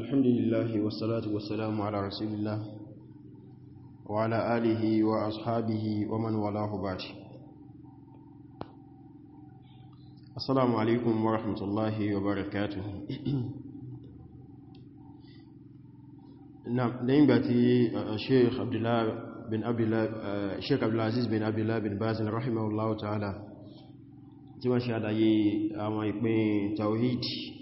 الحمد لله والصلاة والسلام على رسول الله وعلى آله وأصحابه ومن ولاه بعد السلام عليكم ورحمة الله وبركاته نعم باتي الشيخ عبد الله بن عبد الله الشيخ عبد العزيز بن عبد الله بن باز رحمه الله تعالى تمشي على يي اما يبين ìpín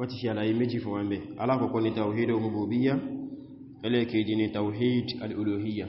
wọ́n ti ṣe àlàyé méjì fún wa mẹ́ alákọ̀ọ́kọ́ ni tawhid al-rububiyyah ẹlẹ́ẹ̀kejì ni tawhid al-uluhiyyah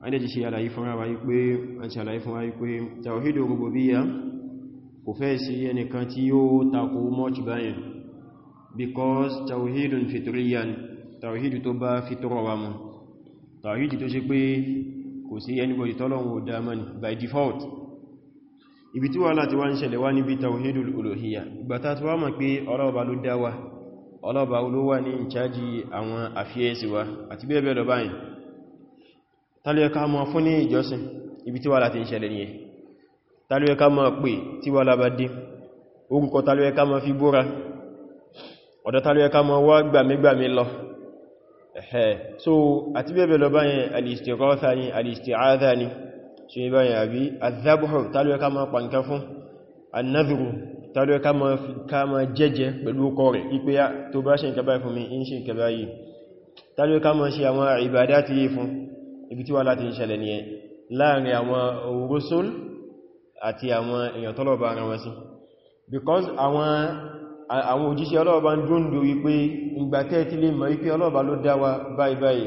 wọ́n ti ṣe àlàyé fún wa pé wọ́n ti àlàyé fún wa pé tawhid al-rububiyyah kò fẹ́ sí ẹnìkan tí yóò takò much báyìí because tawhidun fitriyan tawhid tó bá fitrọ wa mu tawhid tó ṣe pé kò sí anybody tọ́lọ́run ò dá mọ́ ni by default ibi tí wà láti wá ń ṣẹlẹ̀ wá níbi tawhidul uluhiyya ìgbàtà tó wá mọ̀ pé ọlọ́ọ̀bá ló dá wa ọlọ́ọ̀bá ló wà ní ìchájì àwọn àfíẹ́sì wa àti bẹ́ẹ̀ bẹ́ẹ̀ lọ báyìí tàlẹ́ẹ̀ká mọ́ fún ní ìjọsìn ibi tí wà láti ń ṣẹlẹ̀ nìyẹn tàlẹ́ẹ̀ká so àti bẹ́ẹ̀ bẹ́ẹ̀ lọ báyìí al-istighatha ṣe bá yà bí azabuhu tàbí ká máa pàǹkà fún annadhuru tàbí ká máa jẹ́jẹ́ pẹ̀lú ọkọ̀ rẹ̀ ipé ya ah, tó bá ṣe ìkẹbá fún mi in ṣe ìkẹbá yìí tàbí ká máa ṣe àwọn ìbádá ti yìí fún ibi tí wà láti ṣẹlẹ̀ ní ẹ láàrin àwọn rusul because àwọn àwọn òjíṣẹ́ ọlọ́ọ̀bá ń dúndú wípé ìgbàtẹ́ tí lè mọ̀ wípé ọlọ́ọ̀bá ló dá wa báyìí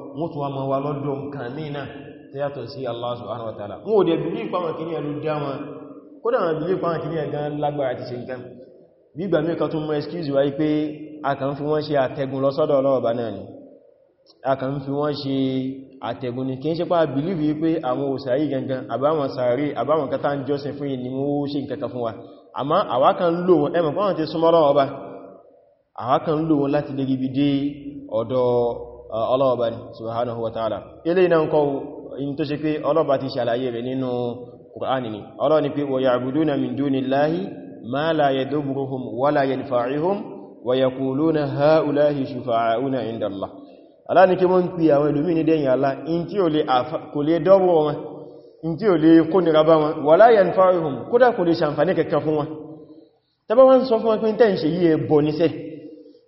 wọ́n tún wá ma wà lọ́dọ̀ nǹkan mìíràn tó yàtọ̀ sí Allah subhanahu wa ta'ala wọ́n ò dẹ̀ bìlí pàwọn kìíní ẹlú dá wọn kódà wọn bìlí pàwọn kìíní ẹ̀gán lágbára ti ṣe nǹkan bí ìgbà mẹ́kan tún mọ́ excuse wáyé pé a kàn fi wọ́n ṣe àtẹ̀gùn lọ sọ́dọ̀ ọlọ́ọ̀bá náà ni a ni kìí ṣe pá bìlíbì pé àwọn òsàáyí gangan àbáwọn sàárè àbáwọn kátà ń jọ́sìn fún ìní mú ṣe nǹkan fún wa àmá àwa lò wọn ẹmọ̀ pọ́n ti súnmọ́ ọlọ́ọ̀bá àwa kan lò wọn láti dé ọ̀dọ̀ Uh, ọlọ́ọ̀bá ni subhanahu wa ta'ala ilé iná kọ́ in tó ṣe pé ọlọ́ọ̀bá ti ṣàlàyé rẹ̀ nínú Kùránì ni ọlọ́ọ̀ni pé wa ya'buduna min dunillahi ma la yadurruhum wa la yanfa'uhum wa yaquluna ha'ula'i shufa'a'una inda Allah Allah ni kí wọ́n pè àwọn ẹlòmí ní dẹ́yìn Allah in tí kò lè dọ́wọ́ wọn in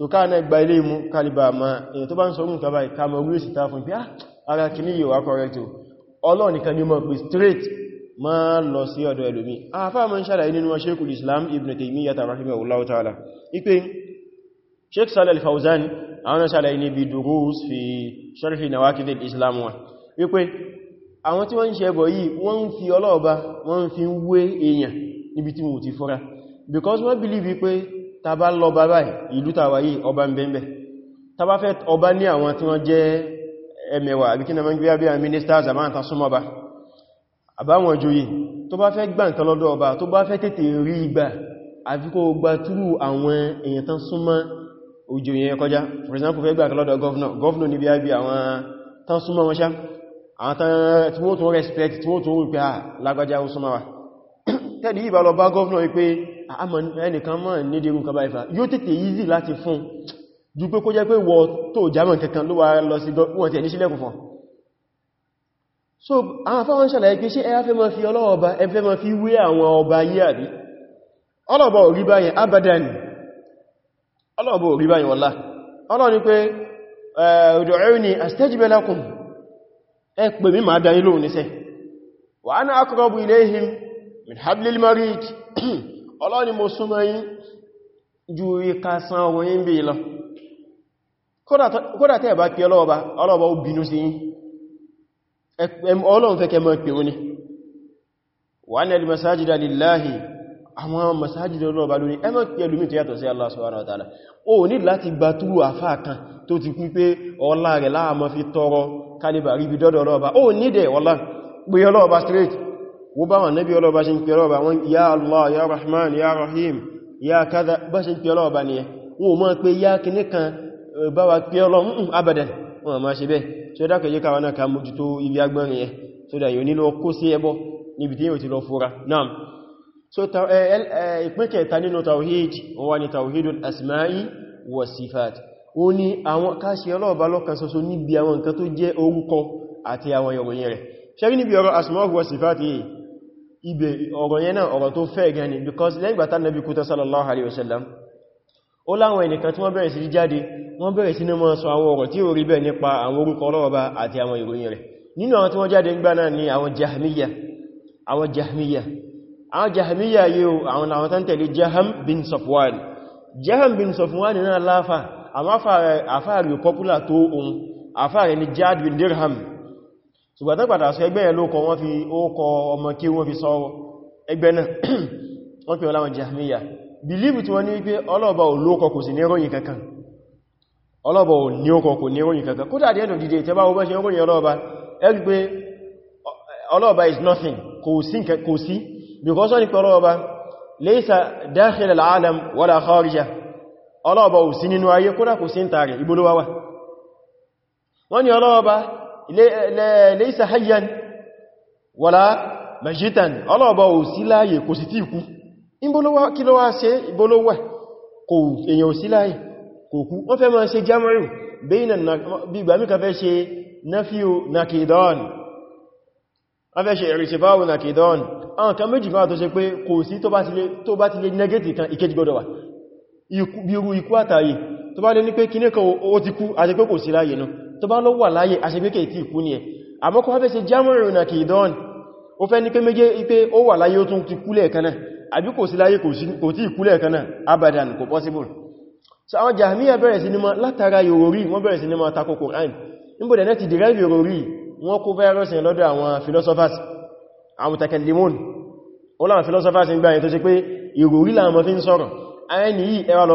so ká náà gba ilé mú kálìbà ma èyàn tó bá ń sọmú kàbà ìkàmọ̀ orí ìsìta fún pé ah, ara kìíní yíò akọrẹ́tò Ọlọ́run nìkan ni mọ̀ pé straight ma lọ sí ọ̀dọ̀ ẹlòmí àfáà mọ́ ń ṣàlàyé nínú Sheikhul Islam Ibn Taymiyyah rahimahullahu ipe Sheikh Salih al-Fawzan àwọn ṣàlàyé ní bí durus fi sharhi nawaqid al-Islam wa wípé àwọn tí wọ́n ń because wọ́n believe tàbá lọ bàbá ìlú tàwàyí ọba ń bẹ̀m̀bẹ̀ tàbá fẹ́ ọba ní àwọn tí wọ́n jẹ́ ẹmẹ̀wà àbí na mọ́ ń gbé àbíyàn ministers àmáǹta súnmọ́ba àbáwọn joyè tó bá fẹ́ gbà nǹkan lọ́dọ̀ ọba tó bá fẹ́ tètè rí ìgbà àfi kó gba túrù àwọn èèyàn tán súnmọ́ òjò yẹn kọjá for example fẹ́ gbà kan lọ́dọ̀ governor governor níbi àbí àwọn tán súnmọ́ wọn ṣá àwọn tán tí wọ́n tún respect tí wọ́n tún wípé à ah, lágbàjá ó súnmọ́ governor wípé àmọ́ ah, ah, ẹnìkan mọ́ nídìí irú kọba ìfà yóò tètè easy láti fún ju pé kó jẹ́ pé wọ tó jámọ̀ kankan ló wà lọ sí wọ́n ti ẹ̀ níṣílẹ̀kùn so àwọn afọ́wọ́n ṣàlàyé pé ṣe ẹyà fẹ́ ma fi ọlọ́ọba fi abadan eh, ẹ min hablil marid Ọlọ́run ni mo súnmọ́ yín ju ríka san owó yín bí lọ kódà tẹ́ bá pẹ ọlọ́ọ̀bá ọlọ́ọ̀bá ó bínú sí yín Ọlọ́run fẹ́ kẹ mọ́ pẹ̀rún ni wà ní al-masājida lillāhi àwọn masajid ọlọ́ọ̀bá lórí ẹmọ́ pẹ̀ lómi tó yàtọ̀ sí Allah subhanahu wa ta'ala o ní láti gba túrù àfáà kan tó ti kú pé ọlá rẹ̀ láàmọ́ fi tọrọ kálíbà wo bá wọn nábí ọlọ́ba ṣe ń pẹ̀lọ́ ọba wọn ya Allah ya Rahman ya Rahim ya kaza bá ṣe ń pẹ̀lọ́ ọba ni ẹ wọn mọ́ pé ya kìní kan bá wa pẹ̀lọ́ mún mm, abadan wọn ma ṣe bẹ́ so dákọ̀ yí káwa náà ká mójútó ibi agbọ́rin ẹ so da yóò níbi ọ̀rọ̀ asma'i wa ibẹ̀ ọ̀rọ̀ yẹn náà ọ̀rọ̀ tó fẹ́ gan ni because lẹ́gbàtà nàbí kúta sallallahu alaihi wasallam ó láwọn ẹnìkan tí wọ́n bẹ̀rẹ̀ sí jáde wọ́n bẹ̀rẹ̀ sí ní mọ́ sọ àwọn ọ̀rọ̀ tí ó rí bẹ́ẹ̀ nípa àwọn orúkọ ọlọ́ọ̀bá àti àwọn ìròyìn rẹ̀ nínú àwọn tí wọ́n jáde ńgbà náà ni àwọn jahmiya àwọn jahmiya àwọn jahmiya yíò àwọn làwọn tán tẹ̀lé jaham bin safwan jaham bin safwan náà láfà àwọn afáàrẹ̀ popular tó ohun afáàrẹ̀ ni jad bin dirham ṣùgbàtà padà sọ ẹgbẹ́ ẹ̀ lókọ wọ́n fi ókọ ọmọ kí wọ́n fi sọ ẹgbẹ́ náà wọ́n pè ọláwọn jahmiya believe tí wọ́n ní wípé ọlọ́ọ̀bá ò lókọ kò sí níròyìn kankan ọlọ́ọ̀bá ò ní ókọ kò níròyìn kankan kó dàdí ẹ̀nà dìde tẹ́bá ọgbọ́n ṣe ròyìn ọlọ́ọ̀bá ẹgbẹ́ pé ọlọ́ọ̀bá is nothing kò sí kò sí because wọ́n ní pé ọlọ́ọ̀bá laysa dakhil al-alam wala kharija ọlọ́ọ̀bá ò sí nínú ayé kódà kò sí ń tààrẹ̀ ibólówáwà wọ́n ní ọlọ́ọ̀bá laysa hayyan wala majitan ọlọ́ọ̀bọ̀ ò sí láàyè kò sì tí ikú ìbólówà kí ló wá ṣe ìbólówà kò èyàn ò sí láàyè kò kú wọ́n fẹ́ máa ṣe jam'u bayna bígbà mí kan fẹ́ ṣe nafiyu nakidan wọ́n kan ikú àtàyè tó bá ní pé kan ó ti kú àti pé kò sí tó bá lọ wà láyé aṣẹ́gbẹ́kẹ̀ tí ìkú ní ẹ̀ àmọ́kọ́ wọ́n fẹ́ ṣe jámọ̀rún na kìdán ó fẹ́ ní pé méjì pé ó wà láyé ó tún ti kúlẹ̀ kanáà àbí kò sí láyé kò tí ìkúlẹ̀ kanáà abadan kò possible so àwọn jahmiya bẹ̀rẹ̀ sí ní ma látara yorori wọ́n bẹ̀rẹ̀ sí ti derive yorori wọ́n kó virus yẹn lọ́dọ̀ àwọn philosophers àwọn mutakallimun ó láwọn philosophers ń gbáyẹ tó ṣe pé yorori láwọn fi ń sọ̀rọ̀ ayẹni yìí ẹwà lọ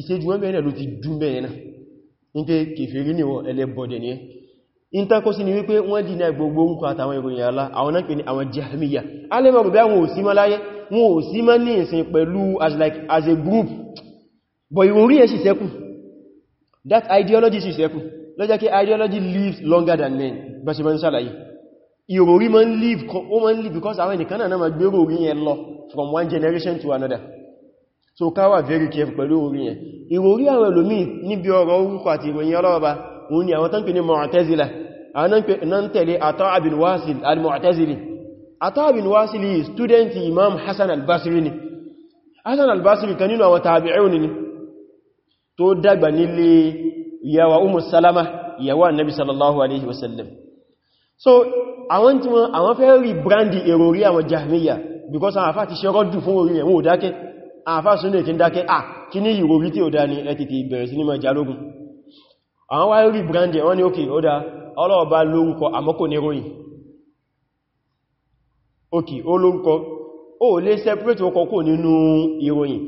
ìṣẹ́jú wọ́n bẹ̀rẹ̀ ló ti dún bẹ̀rẹ̀ náà ní pé kèfèrí ní wọ́n ẹlẹ́bọ̀dẹ̀ ni ẹ́ ìntakọ́ sí ni wípé wọ́n dínà gbogbo orúkọ àtàwọn ìròyìn alá àwọn náà pè ní that ideology sì sẹ́kù lọ́jẹ́ ideology lives longer than men bá ṣe live because àwọn ènìyàn náà máa gbérò orí yẹn lọ from one generation to another so ká wà very careful pẹ̀lú orí yẹn ìròrí àwọn ẹlòmí níbi ọ̀rọ̀ orúkọ àti ìròyìn ọlọ́ọ̀bá òun ni àwọn tán pè ní Mu'tazila àwọn náà tẹ̀lé Ata bin Wasil al-Mu'tazili Ata bin Wasili student Imam Hassan al-Basri ni Hassan al-Basri kan nínú àwọn tabi'un ni tó dàgbà nílé Umm Salama ìyàwó annabi sallallahu alaihi wasallam so àwọn tí wọn àwọn fẹ́ rí brandi èrò orí àwọn Jahmiya because àwọn afá ti ṣe rọ́dù fún orí ẹ̀wọ̀n òdákẹ́ àfáàsúnlẹ̀ kí ń dákẹ́ à kí ní ìròrí tí ó dá ní ẹ̀tìtì ìbẹ̀rẹ̀ sí ní mọ̀ ìjálógún àwọn wáyé rí brandy wọ́n ni ókè ó dá ọlọ́ọ̀bá lórúkọ àmọ́kò ní ròyìn ókè ó lórúkọ ó lè separate ọkọ kò nínú ìròyìn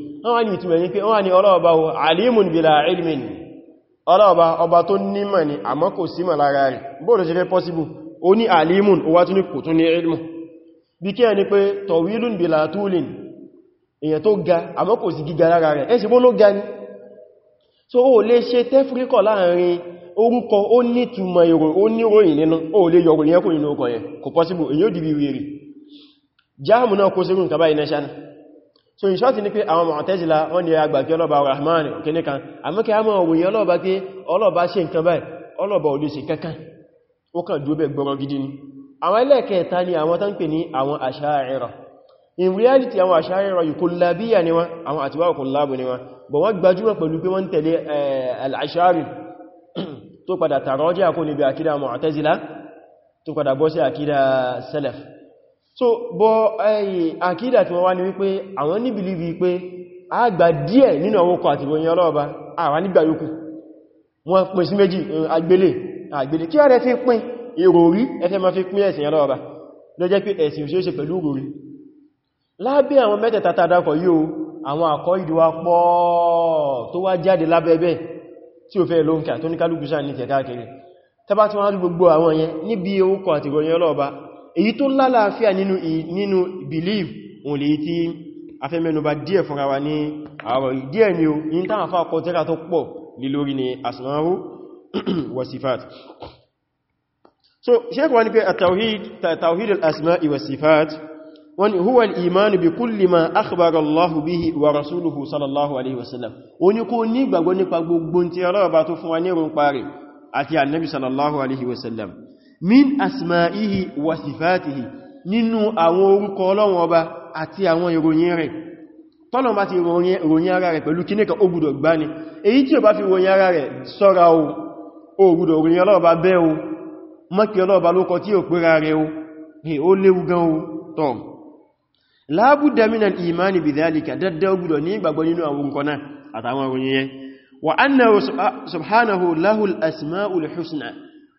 alimun bila ilmin ọlọ́ọ̀bá ọba tó nímọ̀ ni àmọ́ kò possible ó alimun ó wá tún ní kò tún ní bí kí ẹni pé tọ̀wílùn bila tulin èyàn tó ga àmọ́ kò sí gíga lára rẹ̀ ẹ́sì bó ló ga ní so o lè ṣe tẹ́fríkọ̀ láàrin orúkọ ó ní túmọ̀ ìrò ó ní ròyìn nínú o lè yọ ròyìn ẹkùn nínú ọkọ̀ yẹn kò pọ́síbò so ìṣọ́tí ní pé àwọn Mu'tazila wọ́n ni àgbà kí ọlọ́ba kan àmọ́ kí a mọ̀ òwòyìn ọlọ́ba pé ọlọ́ba ṣe nǹkan báyìí ọlọ́ba ò lè ṣe kankan ó kàn dúbẹ̀ gbọ́rọ̀ gidi ni àwọn ẹlẹ́ẹ̀kẹta ni pè ní àwọn Asha'ira in reality àwọn àṣáyẹ̀rọ ìkùnlábíyà ni wọ́n àwọn àtiwá ìkùnlábù ni wọ́n bọ̀ wọ́n gbajúmọ̀ pẹ̀lú pé wọ́n tẹ̀lé eh, al'ashari tó padà tàrọjẹ́ àkó níbi àkídà mu'tazila tó padà bọ́ sí àkídà salaf so bọ́ eh, àkídà tí wọ́n wá ní wípé àwọn ní bìlìbì pé a gbà díẹ̀ nínú àwọn ọkọ̀ àti ìròyìn ọlọ́ọ̀bá àwọn nígbà yòókù wọ́n pín sí méjì agbélé agbélé kí a rẹ̀ fi pín èrò orí ẹfẹ́ ma fi pín ẹ̀sìn ọlọ́ọ̀bá lọ jẹ́ pé ẹ̀sìn òṣèṣe pẹ̀lú orí lábẹ́ àwọn mẹ́tẹ̀ẹ̀ta tàdákọ̀ yóò àwọn àkọ́ ìdíwà pọ̀ tó wá jáde lábẹ́bẹ́ tí ó fẹ́ ló ń kà tó ní kálùkùsà ní kẹkàkiri tàbá tí wọ́n rí gbogbo àwọn yẹn níbi orúkọ àti ìròyìn ọlọ́ọ̀bá èyí tó lálàáfíà nínú belief òun lè tí afẹ́mẹ́nubà díẹ̀ fúnra wa ní àwọ̀ díẹ̀ ni o yí tán àfá ọkọ̀ tẹ́ra tó pọ̀ lè lórí ni asmahu wa sifat so sheikh wani pe at-tawhid tawhid al-asma'i wa sifat wọ́n ni huwa al-imanu bi kulli ma akhbara Allahu bihi wa rasuluhu sallallahu alaihi wasallam ó ní kó ní gbàgbọ́ nípa gbogbo tí Ọlọ́run bá tó fún wa ní run pare àti annabi sallallahu alaihi wasallam min asma'ihi wa sifatihi nínú àwọn orúkọ Ọlọ́run Ọba àti àwọn ìròyìn rẹ̀ tọ́lọ̀ bá ti ròyìn ara rẹ̀ pẹ̀lú kíníkà ó gbùdọ̀ gbá ní èyí tí ó bá fi ròyìn ara rẹ̀ sọ́ra o ó gbùdọ̀ ròyìn ọlọ́ọ̀bá bẹ́ o mọ́kí ọlọ́ọ̀bá lókọ tí ó pẹ́ra rẹ̀ o ó léwu gan o tọ́ lábúdà mínà ìmáni bí dhalika dáadáa gbùdọ̀ ní ìgbàgbọ́ nínú àwọn nǹkan náà àtàwọn òyìn yẹn wà annahu subhanahu lahul asma'ul husna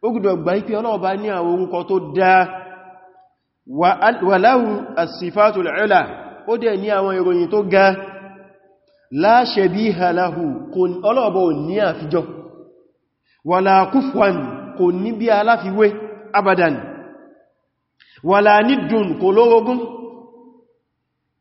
ó gbùdọ̀ gbà ikú ọlọ́ọ̀bá ní àwọn nǹkan tó dáa wà lahu as-sifatul ula ó dẹ̀ ní àwọn kò ní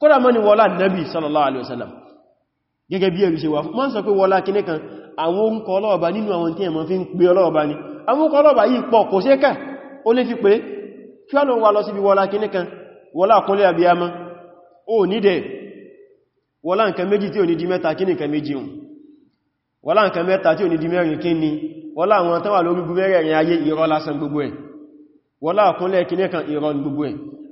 kódà mọ́ ni wọ́lá nẹ́bì sallallahu alaihi wasallam gẹ́gẹ́ bí ẹ̀rí ṣe wà mọ́ sọ pé wọ́lá kíní kan àwọn orúkọ ọlọ́ọ̀bá nínú àwọn tí ẹ̀mọ́ fi ń pè ọlọ́ọ̀bá ni àwọn orúkọ ọlọ́ọ̀bá yìí pọ̀ kò ṣe kà ó lè fi pé kí ọ̀nà wà lọ síbi wọ́lá kíní kan wọ́lá kúnlé abiyama ó nídẹ̀ wọ́lá nǹkan méjì tí mẹ́ta tí ò ní di mẹ́rin wọ́lá àwọn lórí ayé lásán gbogbo ẹ̀ wọ́lá kan gbogbo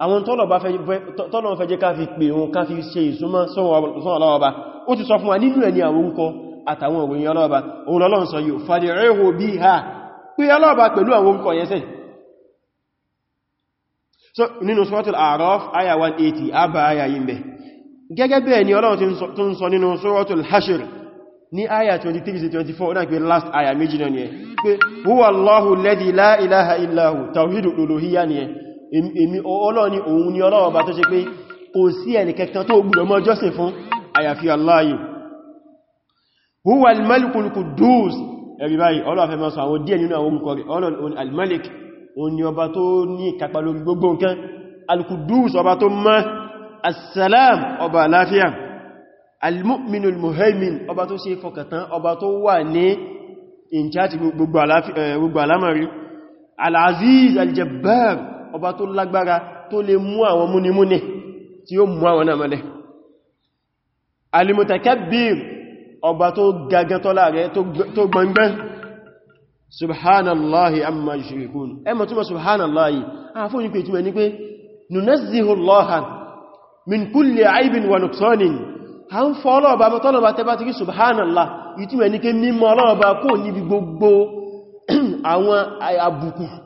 àwọn tọ́lọ̀ fẹ́ jẹ́ ká fi pè wọn ká fi ṣe ìsúnmọ́ sọ́wọ́ ọlọ́ọba ó ti sọ fún wa nínú ẹni àwọn orúkọ àtàwọn òròyìn ọlọ́ọba òun lọ́lọ́run sọ yóò fàdí rẹ̀hò bí ha pé ọlọ́ọba pẹ̀lú àwọn orúkọ yẹn sẹ́ nínú suratul A'raf aya 180 àbá aya yìí bẹ̀ gẹ́gẹ́ ni ọlọ́run tó ń sọ nínú suratul Hashr ní aya 24 náà pé last aya méjì náà Allahu alladhi la ilaha illa hu tawhidul uluhiyya èmi Ọlọ́run ni òun ni Ọlọ́run bá tó ṣe pé kò sí ẹnìkẹta tó gbọ́dọ̀ mọ́ jọ́sìn fún àyàfi Allah huwa al-malikul quddus ẹ̀rí báyìí Ọlọ́run fẹ́ máa sọ àwọn díẹ̀ nínú àwọn orúkọ ni ọba tó ní ìkápá lórí gbogbo nǹkan al muhaymin ọba tó ṣe fọkàtán ọba tó in charge gbogbo alámọ̀rí eh, al-aziz al-jabbar ọba tó lágbára tó lè mú àwọn múnimúni tí ó mú àwọn náà mọ́lẹ̀ alimutakabbir ọba tó gagantọ́lá rẹ̀ tó gbọngbọ́n subhanallahi amma yushrikun ẹmọ túnmọ̀ subhanallahi a fún ìpè túnmọ̀ ní pé nunazzihu allaha min kulli aibin wa nuqsanin ha ń fọ́ ọlọ́ọ̀bá mọ́tọ́lọ́bá tẹ́bá ti rí ní pé mímọ́ ọlọ́ọ̀bá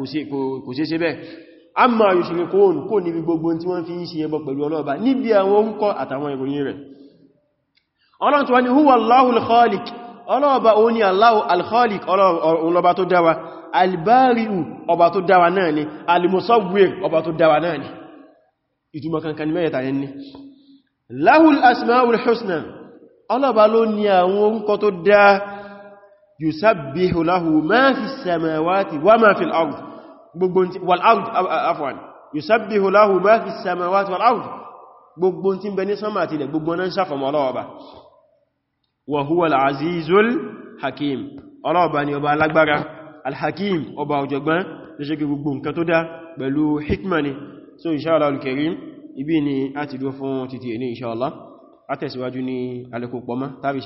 kò sí ṣe bẹ́ẹ̀ a ma yùsùn kó òun kò níbi gbogbo tí wọ́n fi ń ṣe ẹbọ pẹ̀lú ọlọ́ọ̀bá níbi àwọn orúkọ àtàwọn ìròyìn rẹ̀ ọlọ́run tó wá ní huwa Allahul Khaliq ọlọ́ọ̀bá òun ni Allahu al-Khaliq ọlọ́ọ̀bá tó dáwa al-Bari'u ọba tó dáwa náà ni al-Musawwir ọba tó dáwa náà ni yusabbihu lahu ma fi samawati wa ma fi al gbogbo wal ard afwan yusabbihu lahu ma fi samawati wal ard gbogbo tí ń bẹ ní sánmà àti ilẹ̀ gbogbo náà ń ṣàfọ̀mọ́ ọlọ́ọ̀bá wa huwa al-azizul hakim ọlọ́ọ̀bá ni ọba alágbára al-hakim ọba ọ̀jọ̀gbọ́n tó ṣe gbogbo nǹkan tó dá pẹ̀lú hikmani so inshallah al-karim ibi ni a ti dúró fún títí ní inshallah a tẹ̀síwájú ní alẹ́kùn pọ́mọ́ tàbí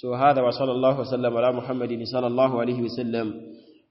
so hada wa sallallahu wa ala muhammadin sallallahu alaihi wasallam